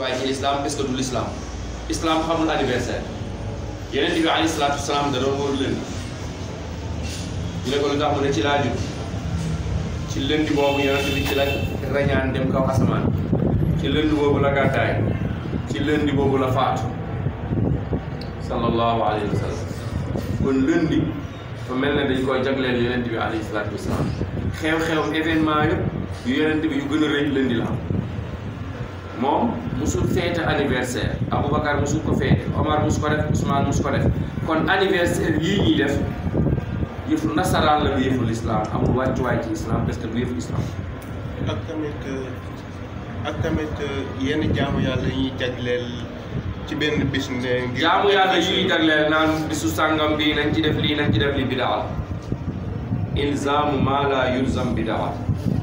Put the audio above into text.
waaye ci lislaam est-ce que du lislaam islam xamul anniversaire yeneen bi alayhi salaatu wasalaam da doon lënd ñu ne ko tax mu ne ci laa judd ci lënd boobu yonent bi ci la rañaan dem kaw asamaan ci lënd boobu la gàttaay ci lënd boobu la faatu sallallahu alayhi wa kon lënd fa mel ne dañ koy jagleel yonent bi alayhi salaatu wasalaam xew-xew événement yëpp yu yonent bi yu gën a rëy lëndi la musul feete anniversaire Aboubacar musul ko feete Omar musu def Ousmane musu def kon anniversaire yii ñuy def yëfu nasaraan la du yëfu lislaam amul wàccuwaay ci islam parce que du yëfu islam. ak tamit yenn jaamu yàlla yi jagleel ci benn bis ne. jaamu yàlla yi jagleel naan bisu sàngam bi nañ ci def lii nañ ci def li bidaa ilzaamu maa laa yulzam bidaa